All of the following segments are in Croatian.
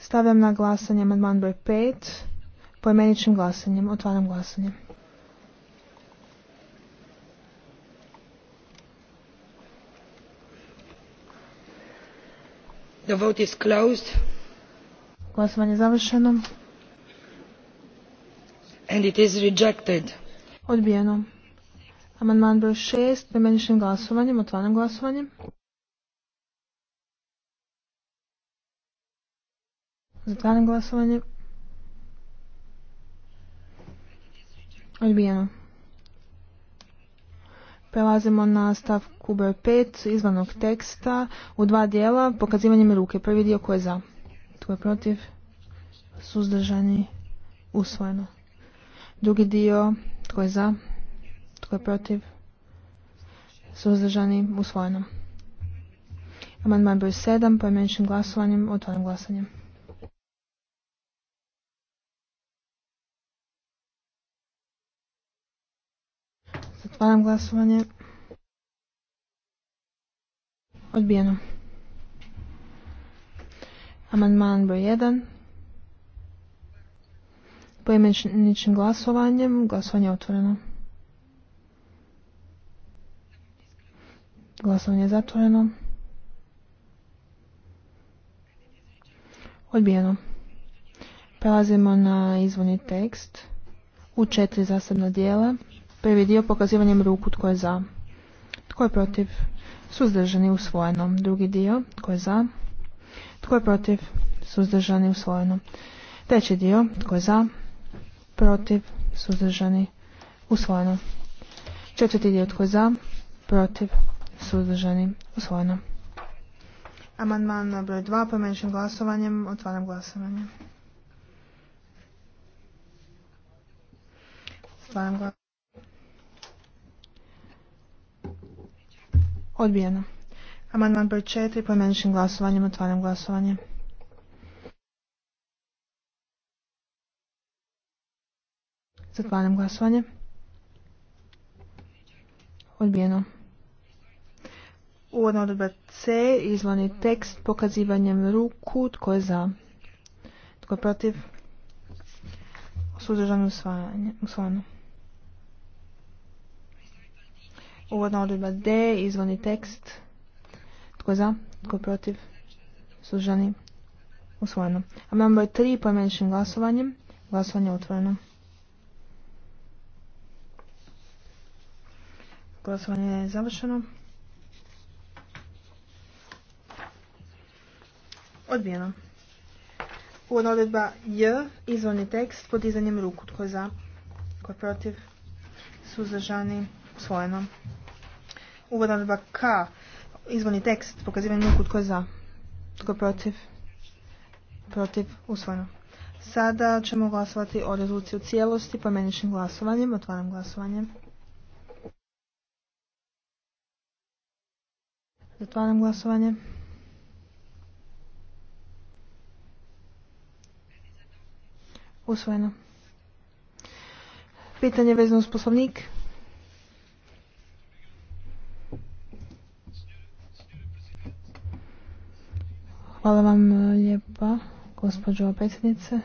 Stavljam na glasanje amandman broj 5 poimeničnim glasanjem. Otvaram glasanje. The vote is closed. Glasovanje je završeno. And it is rejected. Odbijeno. Amandman broj 6 poimeničnim glasovanjem. Otvaram glasovanje. Zatvaram glasovanje. Odbijeno. Prelazimo na stavku broj 5 izvanog teksta u dva dijela pokazivanjem ruke. Prvi dio ko je za, tko je protiv, suzdržani, usvojeno. Drugi dio tko je za, tko je protiv, suzdržani, usvojeno. Amandman broj 7 pojmeničnim glasovanjem, otvorenim glasanjem. Otvaram glasovanje. Odbijeno. Amandman broj 1. Poimeničnim glasovanjem. Glasovanje je otvoreno. Glasovanje je zatvoreno. Odbijeno. Prelazimo na izvorni tekst u četiri zasebna dijela. Prvi dio pokazivanjem ruku tko je za. Tko je protiv? Suzdržani usvojeno. Drugi dio tko je za. Tko je protiv? Suzdržani usvojeno. Treći dio tko je za. Protiv? Suzdržani usvojeno. Četvrti dio tko je za. Protiv? Suzdržani usvojeno. Amandman broj 2 pomeničnim glasovanjem. Otvaram glasovanje. Otvaram glasovanje. Odbijeno. Amandman broj 4 pojmeničnim glasovanjem otvaram glasovanje. Zatvaram glasovanje. Odbijeno. Uvodna odredba C, izvani tekst pokazivanjem ruku, tko je za, tko je protiv, suzdržano usvajanje, Usvajanje. Uvodna odredba D, izvodni tekst. Tko je za? Tko je protiv? Sužani? Usvojeno. Amandman je tri pojmeničnim glasovanjem. Glasovanje je otvoreno. Glasovanje je završeno. Odbijeno. Uvodna odredba J, izvorni tekst, podizanjem ruku. Tko je za? Tko je protiv? Suzdržani? Usvojeno. Uvod 2K, izvorni tekst, pokazivanje ruku tko je za, tko je protiv, protiv, usvojeno. Sada ćemo glasovati o rezoluciji u cijelosti meničnim glasovanjem. Otvaram glasovanje. Zatvaram glasovanje. Usvojeno. Pitanje vezano uz poslovnik. Hvala vam e, lijepa, gospođo predsjednice.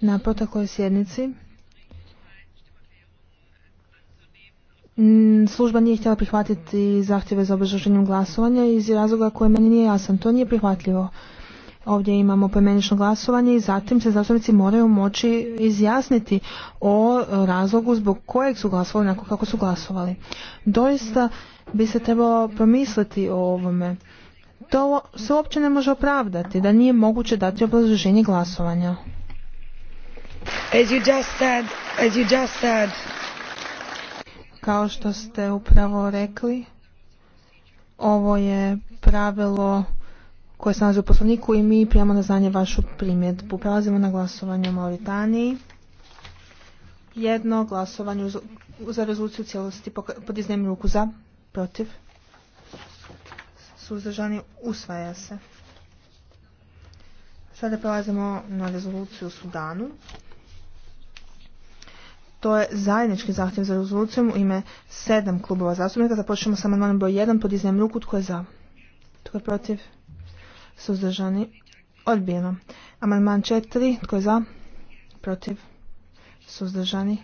Na protokoj sjednici služba nije htjela prihvatiti zahtjeve za obrazloženjem glasovanja iz razloga koje meni nije jasan. To nije prihvatljivo. Ovdje imamo pojmenično glasovanje i zatim se zastupnici moraju moći izjasniti o razlogu zbog kojeg su glasovali onako kako su glasovali. Doista bi se trebalo promisliti o ovome. To se uopće ne može opravdati, da nije moguće dati obrazloženje glasovanja. As Kao što ste upravo rekli, ovo je pravilo koje se nalaze u poslovniku i mi prijamo na znanje vašu primjedbu. Prelazimo na glasovanje u Mauritaniji. Jedno glasovanje za rezoluciju cijelosti pod ruku za, protiv, suzdržani, usvaja se. Sada prelazimo na rezoluciju u Sudanu. To je zajednički zahtjev za rezolucijom u ime sedam klubova zastupnika. Započnemo sa amandmanom broj jedan. pod ruku. Tko je za? Tko je protiv? suzdržani, odbijeno. Amandman 4, tko je za, protiv, suzdržani,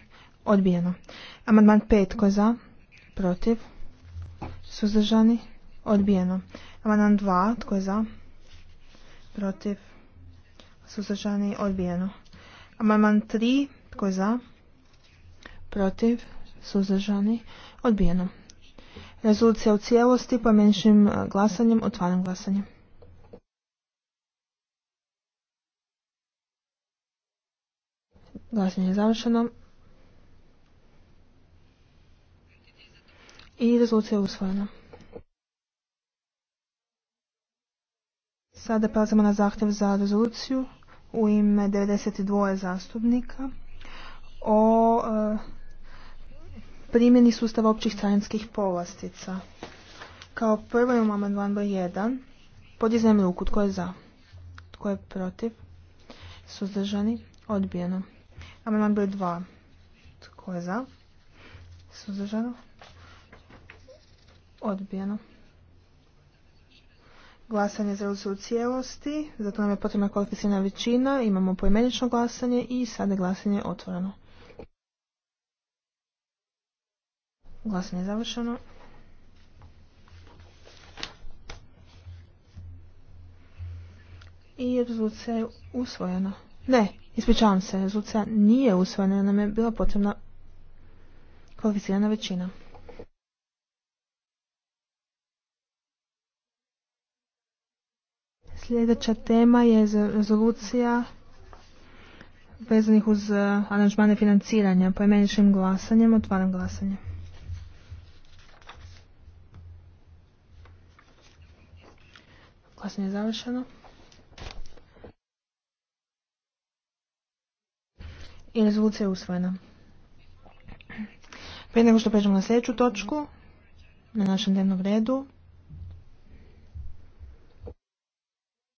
odbijeno. Amandman 5, tko je za, protiv, suzdržani, odbijeno. Amandman 2, tko je za, protiv, suzdržani, odbijeno. Amandman 3, tko je za, protiv, suzdržani, odbijeno. Rezolucija u cijelosti pomenšim eh, glasanjem, otvaram glasanjem. Glasanje je završeno. I rezolucija je usvojena. Sada prelazimo na zahtjev za rezoluciju u ime 92 zastupnika o e, primjeni sustava općih carinskih povlastica. Kao prvo imamo amandman broj 1. Podizajem ruku. Tko je za? Tko je protiv? Suzdržani? Odbijeno. Amandman broj 2. Tko je za? Suzdržano? Odbijeno. Glasanje za u cijelosti, zato nam je potrebna kvalificirana većina, imamo poimenično glasanje i sada je glasanje otvoreno. Glasanje je završeno. I rezolucija je usvojena. Ne, ispričavam se, rezolucija nije usvojena, nam je bila potrebna kvalificirana većina. Sljedeća tema je rezolucija vezanih uz eh, aranžmane financiranja. Poimeničnim glasanjem otvaram glasanje. Glasanje je završeno. I rezolucija je usvojena. Prije nego što pređemo na sljedeću točku na našem dnevnom redu,